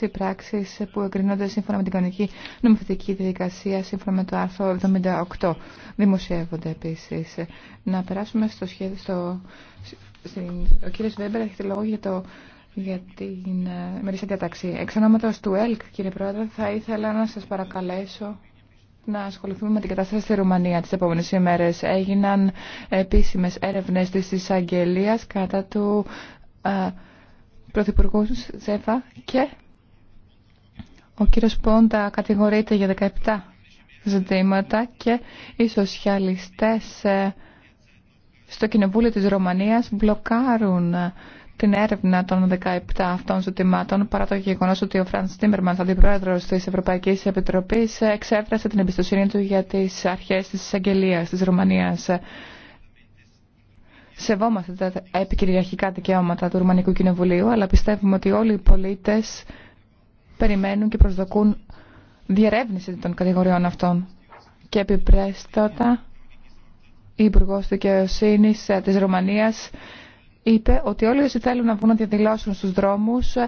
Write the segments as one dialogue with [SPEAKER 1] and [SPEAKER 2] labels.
[SPEAKER 1] Οι πράξει που εγκρίνονται σύμφωνα με την κανονική νομοθετική διαδικασία, σύμφωνα με το άρθρο 78. Δημοσιεύονται επίση. Να περάσουμε στο σχέδιο. Στο... Ο κύριο Βέμπερ έχει λόγο για, το... για την ε, μερίσια διαταξή. Εξ ονόματος του ΕΛΚ, κύριε Πρόεδρε, θα ήθελα να σα παρακαλέσω να ασχοληθούμε με την κατάσταση στη Ρουμανία τις επόμενες ημέρες. Έγιναν επίσημες έρευνες της εισαγγελία κατά του ε, Πρωθυπουργού Σέφα και ο κύριος Πόντα κατηγορείται για 17 ζητήματα και οι σοσιαλιστές ε, στο Κοινοβούλιο της Ρωμανίας μπλοκάρουν ε, την έρευνα των 17 αυτών ζητημάτων παρά το γεγονό ότι ο Φραντ Τίμερμαν, αντιπρόεδρο τη Ευρωπαϊκή Επιτροπή, εξέφρασε την εμπιστοσύνη του για τι αρχέ τη εισαγγελία τη Ρουμανία. Σεβόμαστε τα επικυριαρχικά δικαιώματα του Ρουμανικού Κοινοβουλίου, αλλά πιστεύουμε ότι όλοι οι πολίτε περιμένουν και προσδοκούν διερεύνηση των κατηγοριών αυτών. Και επιπρέστατα, η Υπουργό Δικαιοσύνη ε, τη Ρουμανία είπε ότι όλοι όσοι θέλουν να βγουν να διαδηλώσουν στου δρόμου, ε,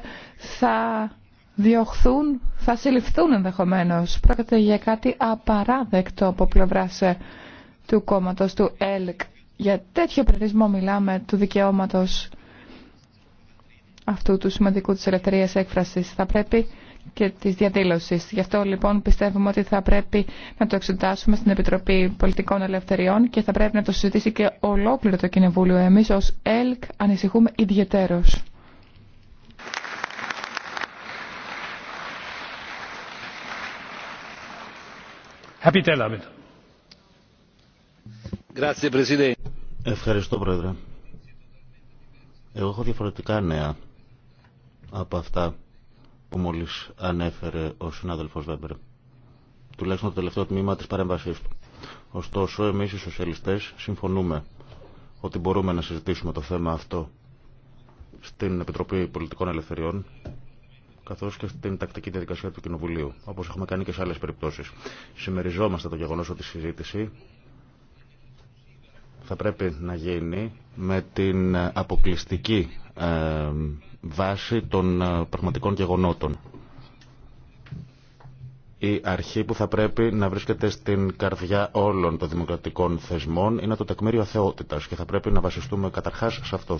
[SPEAKER 1] θα διωχθούν, θα συλληφθούν ενδεχομένω. Πρόκειται για κάτι απαράδεκτο από πλευρά ε, του κόμματο του ΕΛΚ. Για τέτοιο περιορισμό μιλάμε του δικαιώματο αυτού του σημαντικού της ελευθερίας έκφρασης. Θα πρέπει και της διαδήλωσης. Γι' αυτό λοιπόν πιστεύουμε ότι θα πρέπει να το εξετάσουμε στην Επιτροπή Πολιτικών Ελευθεριών και θα πρέπει να το συζητήσει και ολόκληρο το Κοινοβούλιο. Εμείς ως ΕΛΚ ανησυχούμε ιδιαιτέρως.
[SPEAKER 2] Ευχαριστώ Πρόεδρε. Εγώ έχω διαφορετικά νέα από αυτά που μόλις ανέφερε ο συνάδελφος Βέμπερ. Τουλάχιστον το τελευταίο τμήμα της παρέμβασής του. Ωστόσο, εμείς οι σοσιαλιστές συμφωνούμε ότι μπορούμε να συζητήσουμε το θέμα αυτό στην Επιτροπή Πολιτικών Ελευθεριών καθώ και στην τακτική διαδικασία του Κοινοβουλίου, όπω έχουμε κάνει και σε άλλε περιπτώσει. Συμμεριζόμαστε το γεγονό ότι η συζήτηση θα πρέπει να γίνει με την αποκλειστική ε, βάση των ε, πραγματικών γεγονότων. Η αρχή που θα πρέπει να βρίσκεται στην καρδιά όλων των δημοκρατικών θεσμών είναι το τεκμήριο αθεότητας και θα πρέπει να βασιστούμε καταρχάς
[SPEAKER 3] σε αυτό.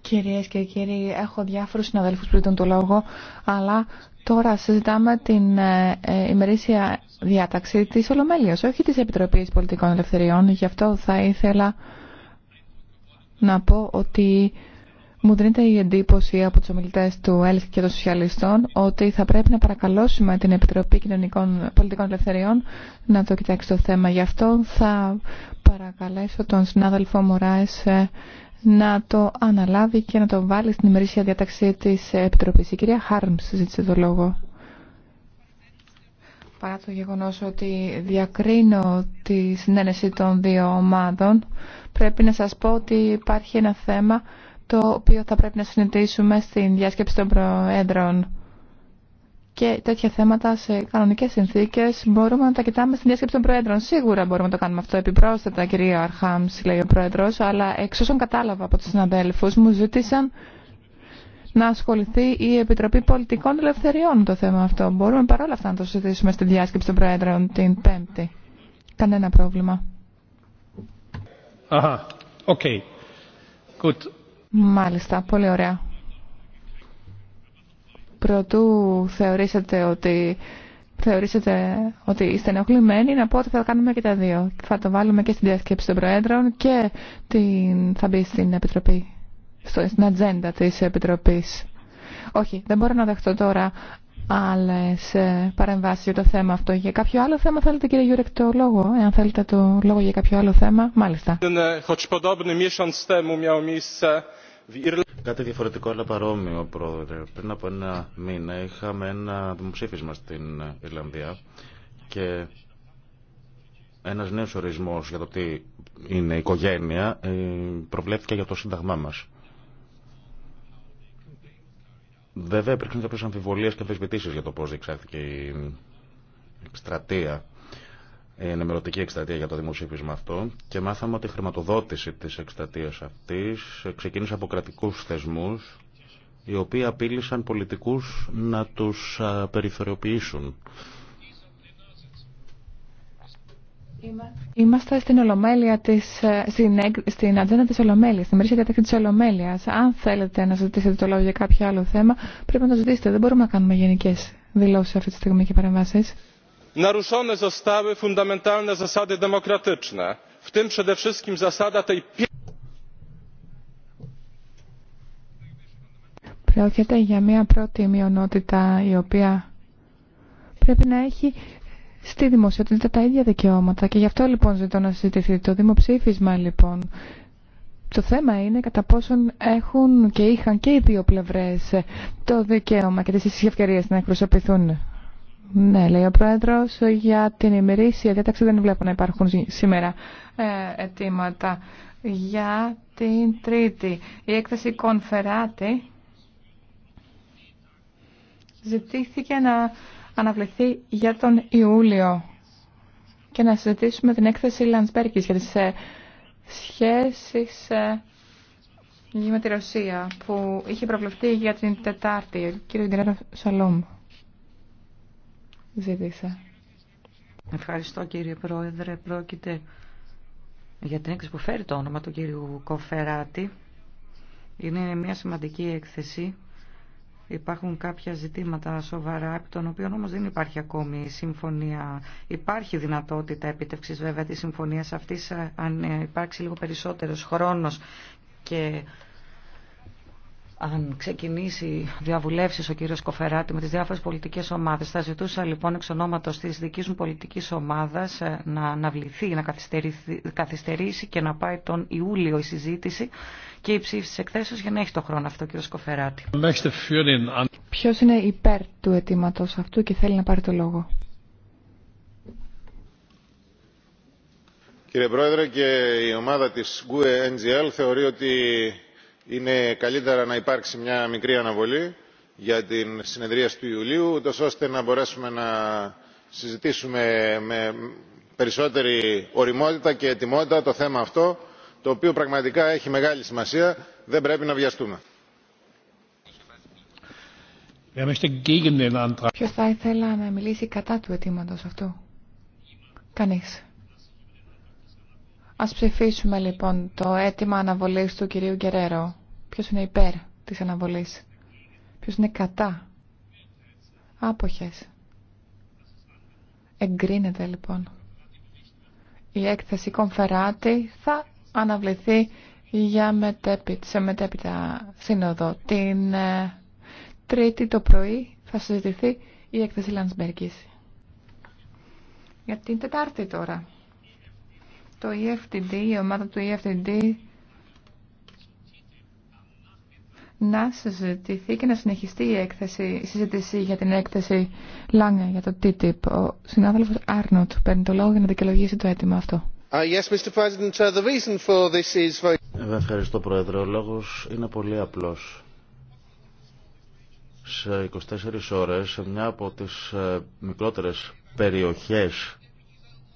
[SPEAKER 1] Κυρίες και κύριοι, έχω διάφορους συναδέλφους πριν τον το λόγο, αλλά τώρα συζητάμε την ε, ε, ημερήσια διάταξη της Ολομέλειας, όχι της Επιτροπής Πολιτικών Ελευθεριών. Γι' αυτό θα ήθελα να πω ότι μου δίνεται η εντύπωση από τους ομιλητές του ΕΛΚ και των Σοσιαλιστών ότι θα πρέπει να παρακαλώσουμε την Επιτροπή Κοινωνικών Πολιτικών Ελευθεριών να το κοιτάξει το θέμα. Γι' αυτό θα παρακαλέσω τον συνάδελφο Μωράες ε, να το αναλάβει και να το βάλει στην ημερήσια διάταξη της Επιτροπής. Η κυρία Χάρμς ζήτησε το λόγο. Παρά το γεγονός ότι διακρίνω τη συνένεση των δύο ομάδων, πρέπει να σας πω ότι υπάρχει ένα θέμα το οποίο θα πρέπει να συνειδητήσουμε στην διάσκεψη των προέδρων. Και τέτοια θέματα σε κανονικέ συνθήκε μπορούμε να τα κοιτάμε στην διάσκεψη των Προέδρων. Σίγουρα μπορούμε να το κάνουμε αυτό επιπρόσθετα, κυρία Αρχάμ, λέει ο Πρόεδρο, αλλά εξ όσων κατάλαβα από του συναδέλφου μου, ζήτησαν να ασχοληθεί η Επιτροπή Πολιτικών Ελευθεριών το θέμα αυτό. Μπορούμε παρόλα αυτά να το συζητήσουμε στη διάσκεψη των Προέδρων την Πέμπτη. Κανένα πρόβλημα. Αχα, Μάλιστα, πολύ ωραία. Προτού θεωρήσετε ότι θεωρήσετε ότι είστε ενοχλημένοι, να πω ότι θα κάνουμε και τα δύο. Θα το βάλουμε και στην διασκέψη των Προέδρων και την... θα μπει στην Επιτροπή στην ατζέντα της Επιτροπής. Όχι, δεν μπορώ να δεχτώ τώρα άλλε παρεμβάσει για το θέμα αυτό. Για κάποιο άλλο θέμα θέλετε, κύριε Γιούρεκ, το λόγο, εάν θέλετε το λόγο για κάποιο άλλο θέμα, μάλιστα.
[SPEAKER 2] Κάτι διαφορετικό αλλά παρόμοιο, πρόεδρε. Πριν από ένα μήνα είχαμε ένα δημοψήφισμα στην Ιρλανδία και ένας νέος ορισμός για το τι είναι η οικογένεια ε, προβλέφθηκε για το σύνταγμά μας. Βέβαια υπήρξαν κάποιες αμφιβολίες και αμφισβητήσεις για το πώς διεξάχθηκε η εκστρατεία, η ενημερωτική εκστρατεία για το δημοσίευμα αυτό και μάθαμε ότι η χρηματοδότηση της εκστρατείας αυτής ξεκίνησε από κρατικούς θεσμούς οι οποίοι απείλησαν πολιτικούς να τους περιθωριοποιήσουν
[SPEAKER 1] Είμαστε στην Ολομέλεια της, ε, στην, στην ατζέντα της Ολομέλειας, στην μερίσια διάταξη της Ολομέλειας. Αν θέλετε να ζητήσετε το λόγο για κάποιο άλλο θέμα, πρέπει να το ζητήσετε. Δεν μπορούμε να κάνουμε γενικές δηλώσεις αυτή τη στιγμή και παρεμβάσεις.
[SPEAKER 3] Naruszone zostały fundamentalne zasady demokratyczne, w tym przede wszystkim zasada tej
[SPEAKER 1] Πρόκειται για μια πρώτη μειονότητα η οποία πρέπει να έχει στη δημοσιότητα τα ίδια δικαιώματα και γι' αυτό λοιπόν ζητώ να συζητηθεί το δημοψήφισμα λοιπόν. Το θέμα είναι κατά πόσον έχουν και είχαν και οι δύο πλευρές το δικαίωμα και τις ίσες ευκαιρίες να εκπροσωπηθούν. Ναι, λέει ο Πρόεδρος, για την ημερήσια διάταξη δεν βλέπω να υπάρχουν σήμερα ε, αιτήματα. Για την Τρίτη, η έκθεση Κονφεράτη ζητήθηκε να αναβληθεί για τον Ιούλιο και να συζητήσουμε την έκθεση Λαντσπέρκης για τις ε, σχέσεις ε, με τη Ρωσία που είχε προβλεφθεί για την Τετάρτη. Κύριε κύριο Σαλόμ ζήτησε.
[SPEAKER 4] Ευχαριστώ κύριε Πρόεδρε. Πρόκειται για την έκθεση που φέρει το όνομα του κύριου Κοφεράτη. Είναι μια σημαντική έκθεση Υπάρχουν κάποια ζητήματα σοβαρά, από των οποίων όμως δεν υπάρχει ακόμη συμφωνία. Υπάρχει δυνατότητα επίτευξης βέβαια της συμφωνίας αυτής, αν υπάρξει λίγο περισσότερος χρόνος και αν ξεκινήσει διαβουλεύσει ο κύριο Κοφεράτη με τι διάφορε πολιτικέ ομάδε. Θα ζητούσα λοιπόν εξ ονόματο τη δική μου πολιτική ομάδα ε, να αναβληθεί, να καθυστερήσει και να πάει τον Ιούλιο η συζήτηση και η ψήφιση τη εκθέσεω για να έχει το χρόνο αυτό ο κύριο Κοφεράτη.
[SPEAKER 3] Ποιο είναι
[SPEAKER 1] υπέρ του αιτήματο αυτού και θέλει να πάρει το λόγο.
[SPEAKER 2] Κύριε Πρόεδρε και η ομάδα της GUE NGL θεωρεί ότι είναι καλύτερα να υπάρξει μια μικρή αναβολή για την συνεδρίαση του Ιουλίου, ούτως ώστε να μπορέσουμε να συζητήσουμε με περισσότερη οριμότητα και ετοιμότητα το θέμα αυτό, το οποίο πραγματικά έχει μεγάλη σημασία. Δεν πρέπει να βιαστούμε.
[SPEAKER 3] Ποιο θα
[SPEAKER 1] ήθελα να μιλήσει κατά του αιτήματο αυτού. Κανείς. Ας ψηφίσουμε λοιπόν το αίτημα αναβολής του κυρίου Γκερέρο. Ποιο είναι υπέρ της αναβολής. Ποιο είναι κατά. Άποχες. Εγκρίνεται λοιπόν. Η έκθεση Κομφεράτη θα αναβληθεί για μετέπειτα, σε μετέπειτα σύνοδο. Την ε, Τρίτη το πρωί θα συζητηθεί η έκθεση Λανσμπεργκής. Για την Τετάρτη τώρα. Το EFTD, η ομάδα του EFTD να συζητηθεί και να συνεχιστεί η, έκθεση, η συζήτηση για την έκθεση Λάνια για το TTIP. Ο συνάδελφος Άρνοτ παίρνει το λόγο για να δικαιολογήσει το αίτημα αυτό.
[SPEAKER 2] Uh,
[SPEAKER 3] yes, Mr. President, uh, the reason for this is...
[SPEAKER 2] Ευχαριστώ, Πρόεδρε. Ο λόγος είναι πολύ απλό. Σε 24 ώρε, σε μια από τις ε, μικρότερε περιοχέ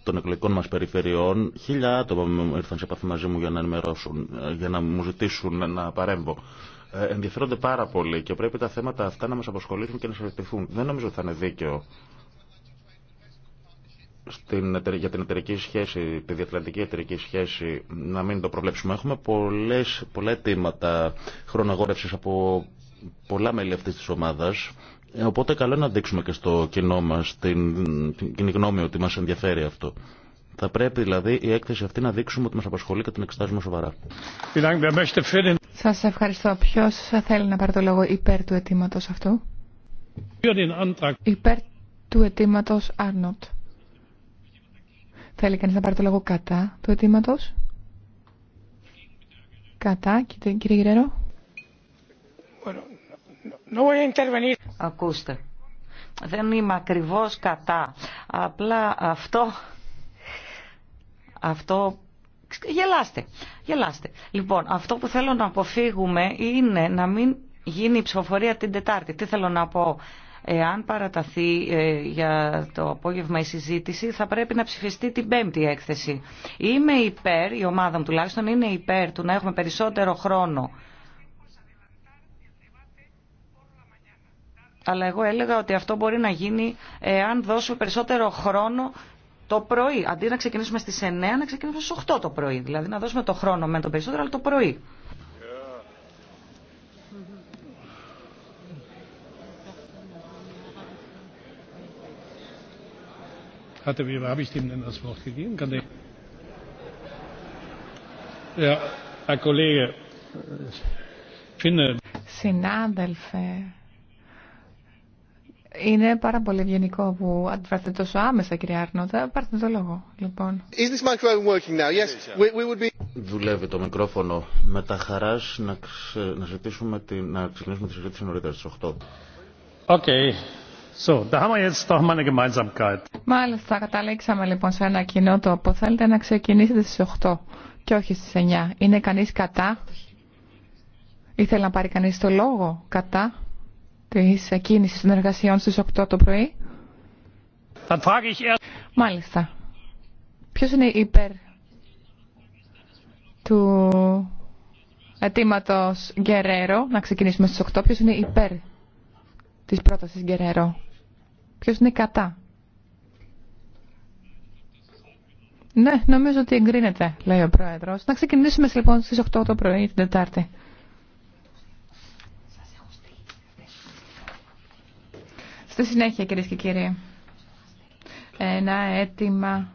[SPEAKER 2] των εκλογικών μας περιφερειών, χίλια άτομα ήρθαν σε επαφή μαζί μου για να ενημερώσουν, ε, για να μου ζητήσουν να παρέμβω. Ε, ενδιαφέρονται πάρα πολύ και πρέπει τα θέματα αυτά να μας αποσχολήσουν και να συζητηθούν. Δεν νομίζω ότι θα είναι δίκαιο στην, για την εταιρική σχέση, τη διατλαντική εταιρική σχέση, να μην το προβλέψουμε. Έχουμε πολλές, πολλά αιτήματα χρονογόρευσης από πολλά μέλη αυτής της ομάδας. Ε, οπότε καλό είναι να δείξουμε και στο κοινό μας την, την γνώμη ότι μας ενδιαφέρει αυτό. Θα πρέπει δηλαδή η έκθεση αυτή να δείξουμε ότι μας απασχολεί και την εξετάζουμε σοβαρά.
[SPEAKER 1] Σας ευχαριστώ. Ποιος θέλει να πάρει το λόγο υπέρ του αιτήματο αυτού. Υπέρ του αιτήματο Άρνοτ. Θέλει κανείς να πάρει το λόγο κατά του αιτήματο. Κατά, κύριε Γερέρο.
[SPEAKER 4] Ακούστε. Δεν είμαι ακριβώς κατά. Απλά αυτό αυτό Γελάστε, γελάστε. Λοιπόν, αυτό που θέλω να αποφύγουμε είναι να μην γίνει η ψηφοφορία την Τετάρτη. Τι θέλω να πω. Εάν παραταθεί ε, για το απόγευμα η συζήτηση, θα πρέπει να ψηφιστεί την πέμπτη έκθεση. Είμαι υπέρ, η ομάδα μου τουλάχιστον είναι υπέρ του να έχουμε περισσότερο χρόνο. Αλλά εγώ έλεγα ότι αυτό μπορεί να γίνει εάν δώσουμε περισσότερο χρόνο το πρωί. Αντί να ξεκινήσουμε στις 9, να ξεκινήσουμε στις 8 το πρωί. Δηλαδή να δώσουμε το χρόνο με τον περισσότερο, αλλά το πρωί.
[SPEAKER 3] Hatte, habe ich gegeben? Kann ja, Herr Kollege, finde.
[SPEAKER 1] Συνάδελφε, είναι πάρα πολύ ευγενικό που αντιφάστε τόσο άμεσα, κυρία Θα Πάρτε το λόγο, λοιπόν.
[SPEAKER 3] Is
[SPEAKER 2] this microphone working now? Yes. We, would be... Δουλεύει το μικρόφωνο. Με τα χαρά να, ξε... να, ζητήσουμε να ξεκινήσουμε τη συζήτηση νωρίτερα στις 8. Okay. So, da haben wir
[SPEAKER 3] jetzt Gemeinsamkeit.
[SPEAKER 1] Μάλιστα, καταλήξαμε λοιπόν σε ένα κοινό το θέλετε να ξεκινήσετε στις 8 και όχι στις 9. Είναι κανείς κατά? Ήθελε να πάρει κανείς το λόγο κατά? της κίνησης των εργασιών στις 8 το πρωί. Μάλιστα. Ποιος είναι υπέρ του αιτήματο Γκερέρο, να ξεκινήσουμε στις 8, ποιος είναι υπέρ της πρότασης Γκερέρο. Ποιος είναι κατά. Ναι, νομίζω ότι εγκρίνεται, λέει ο Πρόεδρος. Να ξεκινήσουμε λοιπόν στις 8 το πρωί την Τετάρτη. Στη συνέχεια, κυρίε και κύριοι, ένα αίτημα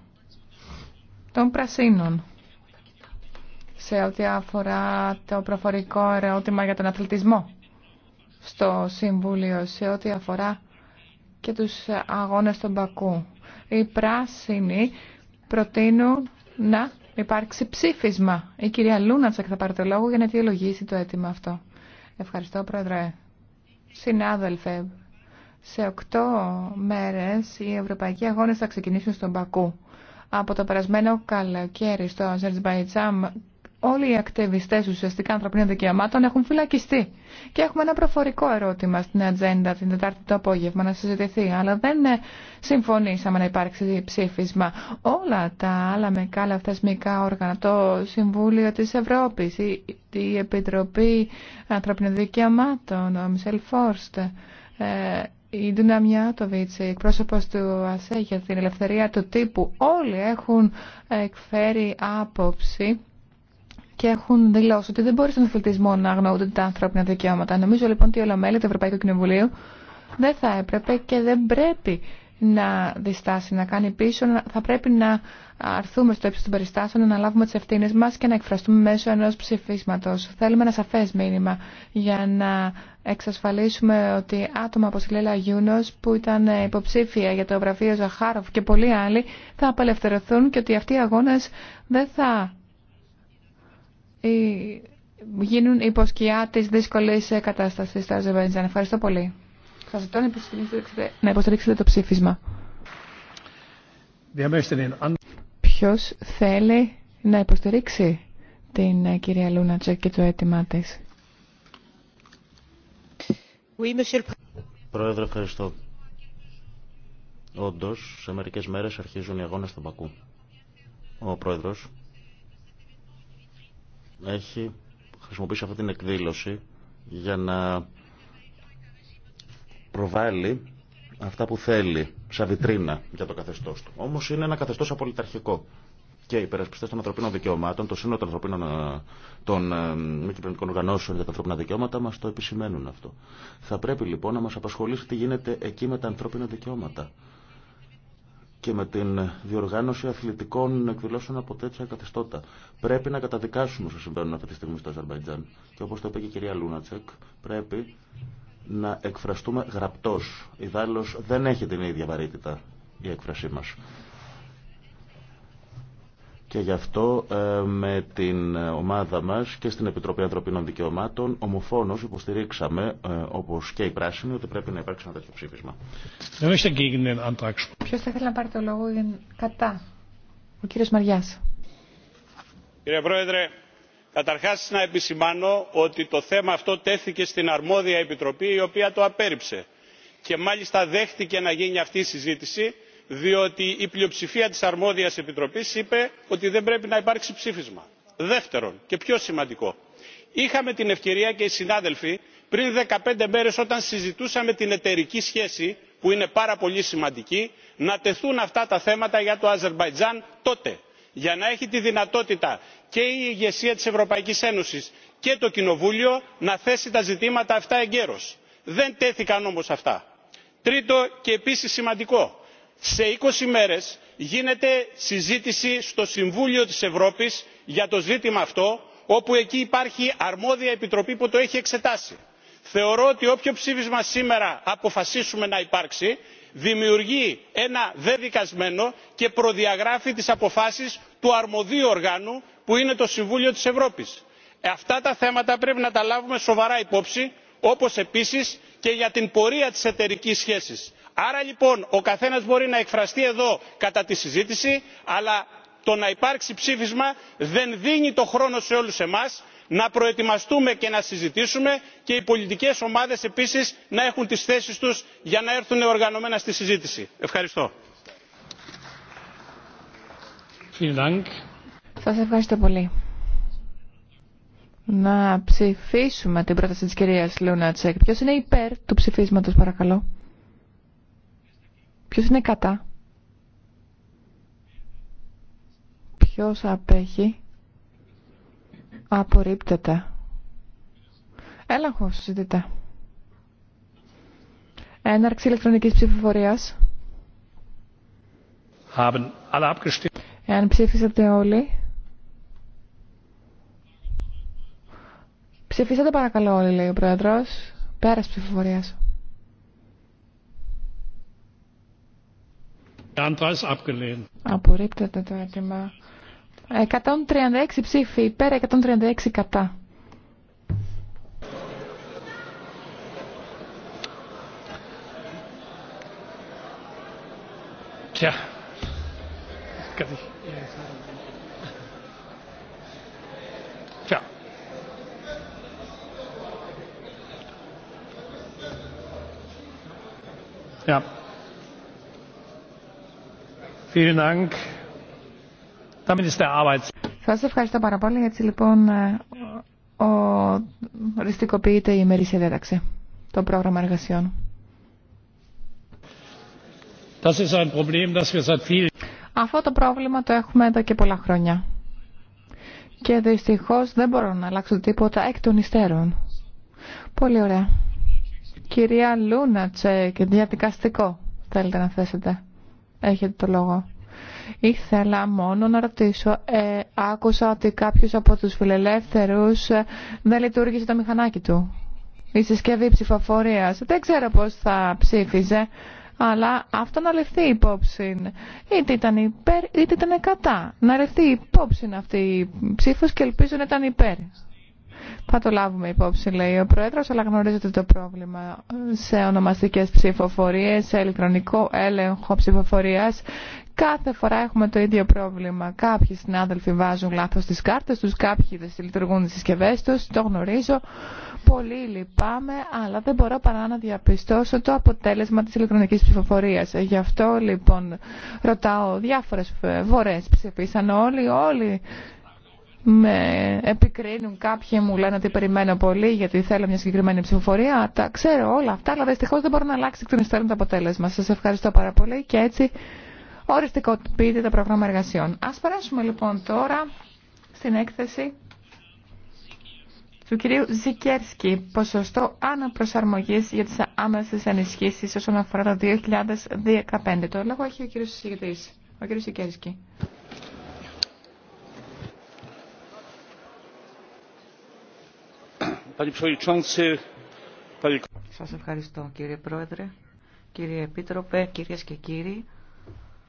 [SPEAKER 1] των πρασίνων σε ό,τι αφορά το προφορικό ερώτημα για τον αθλητισμό στο Συμβούλιο, σε ό,τι αφορά και τους αγώνες των Πακού. Οι πράσινοι προτείνουν να υπάρξει ψήφισμα. Η κυρία Λούνατσακ θα πάρει το λόγο για να αιτιολογήσει το αίτημα αυτό. Ευχαριστώ, Πρόεδρε. Συνάδελφε, σε οκτώ μέρες οι ευρωπαϊκοί αγώνες θα ξεκινήσουν στον Πακού. Από το περασμένο καλοκαίρι στο Αζερμπαϊτζάν όλοι οι ακτιβιστές ουσιαστικά ανθρωπίνων δικαιωμάτων έχουν φυλακιστεί. Και έχουμε ένα προφορικό ερώτημα στην ατζέντα την Τετάρτη το απόγευμα να συζητηθεί. Αλλά δεν ε, συμφωνήσαμε να υπάρξει ψήφισμα. Όλα τα άλλα μεγάλα θεσμικά όργανα, το Συμβούλιο της Ευρώπης, η, η Επιτροπή Ανθρωπίνων Δικαιωμάτων, ο Μισελ Φόρστ, ε, η δυναμιά το η πρόσωπος του ΑΣΕ για την ελευθερία του τύπου, όλοι έχουν εκφέρει άποψη και έχουν δηλώσει ότι δεν μπορεί στον αθλητισμό να αγνοούνται τα ανθρώπινα δικαιώματα. Νομίζω λοιπόν ότι όλα μέλη του Ευρωπαϊκού Κοινοβουλίου δεν θα έπρεπε και δεν πρέπει να διστάσει, να κάνει πίσω, θα πρέπει να αρθούμε στο ύψο των περιστάσεων, να αναλάβουμε τι ευθύνε μα και να εκφραστούμε μέσω ενό ψηφίσματο. Θέλουμε ένα σαφέ μήνυμα για να εξασφαλίσουμε ότι άτομα όπω η Λέλα Γιούνο, που ήταν υποψήφια για το βραβείο Ζαχάροφ και πολλοί άλλοι, θα απελευθερωθούν και ότι αυτοί οι αγώνε δεν θα ε, γίνουν υποσκιά τη δύσκολη κατάσταση στο Αζερβαϊτζάν. Ευχαριστώ πολύ. Θα ζητώ να υποστηρίξετε το ψήφισμα. Ποιος θέλει να υποστηρίξει την ε, κυρία Λούνατζε και το αίτημά της.
[SPEAKER 2] Πρόεδρε, ευχαριστώ. Όντω, σε μερικέ μέρε αρχίζουν οι αγώνε στον Πακού. Ο πρόεδρο έχει χρησιμοποιήσει αυτή την εκδήλωση για να προβάλλει αυτά που θέλει σαν βιτρίνα για το καθεστώ του. Όμω είναι ένα καθεστώ απολυταρχικό. Και οι υπερασπιστέ των ανθρωπίνων δικαιωμάτων, το σύνολο των, ανθρωπίνων, ε, των ε, μη κυβερνητικών οργανώσεων για τα ανθρώπινα δικαιώματα μα το επισημαίνουν αυτό. Θα πρέπει λοιπόν να μα απασχολήσει τι γίνεται εκεί με τα ανθρώπινα δικαιώματα και με την διοργάνωση αθλητικών εκδηλώσεων από τέτοια καθεστώτα. Πρέπει να καταδικάσουμε όσα συμβαίνουν αυτή τη στιγμή στο Αζερβαϊτζάν. Και όπω το είπε και η κυρία Λούνατσεκ, πρέπει να εκφραστούμε γραπτός. Ιδάλλως δεν έχει την ίδια βαρύτητα η έκφρασή μας. Και γι' αυτό ε, με την ομάδα μας και στην Επιτροπή Ανθρωπίνων Δικαιωμάτων ομοφόνος υποστηρίξαμε, ε, όπως και η πράσινη, ότι πρέπει να υπάρξει ένα τέτοιο ψήφισμα.
[SPEAKER 1] Ποιος θα ήθελε να πάρει το λόγο για... κατά. Ο κύριος Μαριάς.
[SPEAKER 3] Κύριε Πρόεδρε, καταρχάς να επισημάνω ότι το θέμα αυτό τέθηκε στην αρμόδια επιτροπή η οποία το απέρριψε και μάλιστα δέχτηκε να γίνει αυτή η συζήτηση διότι η πλειοψηφία της αρμόδιας επιτροπής είπε ότι δεν πρέπει να υπάρξει ψήφισμα. δεύτερον και πιο σημαντικό είχαμε την ευκαιρία και οι συνάδελφοι πριν δεκαπέντε μέρες όταν συζητούσαμε την εταιρική σχέση που είναι πάρα πολύ σημαντική να τεθούν αυτά τα θέματα για το αζερμπαϊτζάν τότε για να έχει τη δυνατότητα και η ηγεσία της ευρωπαϊκής ένωσης και το κοινοβούλιο να θέσει τα ζητήματα αυτά εγκαίρως. δεν τέθηκαν όμως αυτά. τρίτο και επίσης σημαντικό σε είκοσι μέρες γίνεται συζήτηση στο συμβούλιο της ευρώπης για το ζήτημα αυτό όπου εκεί υπάρχει αρμόδια επιτροπή που το έχει εξετάσει. θεωρώ ότι όποιο ψήφισμα σήμερα αποφασίσουμε να υπάρξει δημιουργεί ένα δεδικασμένο και προδιαγράφει τις αποφάσεις του αρμοδίου οργάνου που είναι το συμβούλιο της ευρώπης. Ε, αυτά τα θέματα πρέπει να τα λάβουμε σοβαρά υπόψη όπως επίσης και για την πορεία της εταιρικής σχέσης. άρα λοιπόν ο καθένας μπορεί να εκφραστεί εδώ κατά τη συζήτηση αλλά το να υπάρξει ψήφισμα δεν δίνει το χρόνο σε όλους εμάς να προετοιμαστούμε και να συζητήσουμε και οι πολιτικές ομάδες επίσης να έχουν τις θέσεις τους για να έρθουν οργανωμένα στη συζήτηση. Ευχαριστώ.
[SPEAKER 1] Σας ευχαριστώ πολύ. Να ψηφίσουμε την πρόταση της κυρίας Λούνατσεκ. Ποιος είναι υπέρ του ψηφίσματος παρακαλώ. Ποιος είναι κατά. Ποιος απέχει. Απορρίπτεται. Έλεγχος ζητείτε. Έναρξη ηλεκτρονικής ψηφοφορίας. Εάν ψήφισατε όλοι. Ψηφίσατε παρακαλώ όλοι, λέει ο Πρόεδρος. Πέρας ψηφοφορίας. Απορρίπτεται το έτοιμα. 136 ψήφοι υπέρ, 136 κατά.
[SPEAKER 3] Τια. Κάτι. Τια. Vielen Dank.
[SPEAKER 1] Σα ευχαριστώ πάρα πολύ. Έτσι λοιπόν ε, ο... οριστικοποιείται η ημερήσια διάταξη, το πρόγραμμα εργασιών. Das Αυτό το πρόβλημα το έχουμε εδώ και πολλά χρόνια. Και δυστυχώ δεν μπορώ να αλλάξω τίποτα εκ των υστέρων. Πολύ ωραία. Κυρία και διαδικαστικό θέλετε να θέσετε. Έχετε το λόγο. Ήθελα μόνο να ρωτήσω, ε, άκουσα ότι κάποιος από τους φιλελεύθερους ε, δεν λειτουργήσε το μηχανάκι του. Η συσκευή ψηφοφορίας. Δεν ξέρω πώς θα ψήφιζε, αλλά αυτό να ληφθεί υπόψη. Είτε ήταν υπέρ, είτε ήταν κατά. Να ληφθεί υπόψη αυτή η ψήφος και ελπίζω να ήταν υπέρ. Θα το λάβουμε υπόψη, λέει ο Πρόεδρο, αλλά γνωρίζετε το πρόβλημα σε ονομαστικέ ψηφοφορίε, σε ηλεκτρονικό έλεγχο ψηφοφορία Κάθε φορά έχουμε το ίδιο πρόβλημα. Κάποιοι συνάδελφοι βάζουν λάθος τις κάρτες τους, κάποιοι δεν συλλειτουργούν τις συσκευές τους, το γνωρίζω. Πολύ λυπάμαι, αλλά δεν μπορώ παρά να διαπιστώσω το αποτέλεσμα της ηλεκτρονικής ψηφοφορίας. Γι' αυτό λοιπόν ρωτάω διάφορες βορές ψηφίσαν όλοι, όλοι με επικρίνουν κάποιοι μου λένε ότι περιμένω πολύ γιατί θέλω μια συγκεκριμένη ψηφοφορία. Τα ξέρω όλα αυτά, αλλά δυστυχώ δεν μπορώ να αλλάξει εκ των υστέρων το αποτέλεσμα. Σα ευχαριστώ πάρα πολύ και έτσι οριστικοποιείται το πρόγραμμα εργασιών. Ας περάσουμε λοιπόν τώρα στην έκθεση του κυρίου Ζικέρσκι, ποσοστό αναπροσαρμογής για τις άμεσες ενισχύσεις όσον αφορά το 2015. Το λόγο έχει ο κύριος Ζικέρσκη.
[SPEAKER 3] ο κύριος
[SPEAKER 4] Σας ευχαριστώ κύριε Πρόεδρε, κύριε Επίτροπε, κυρίες και κύριοι.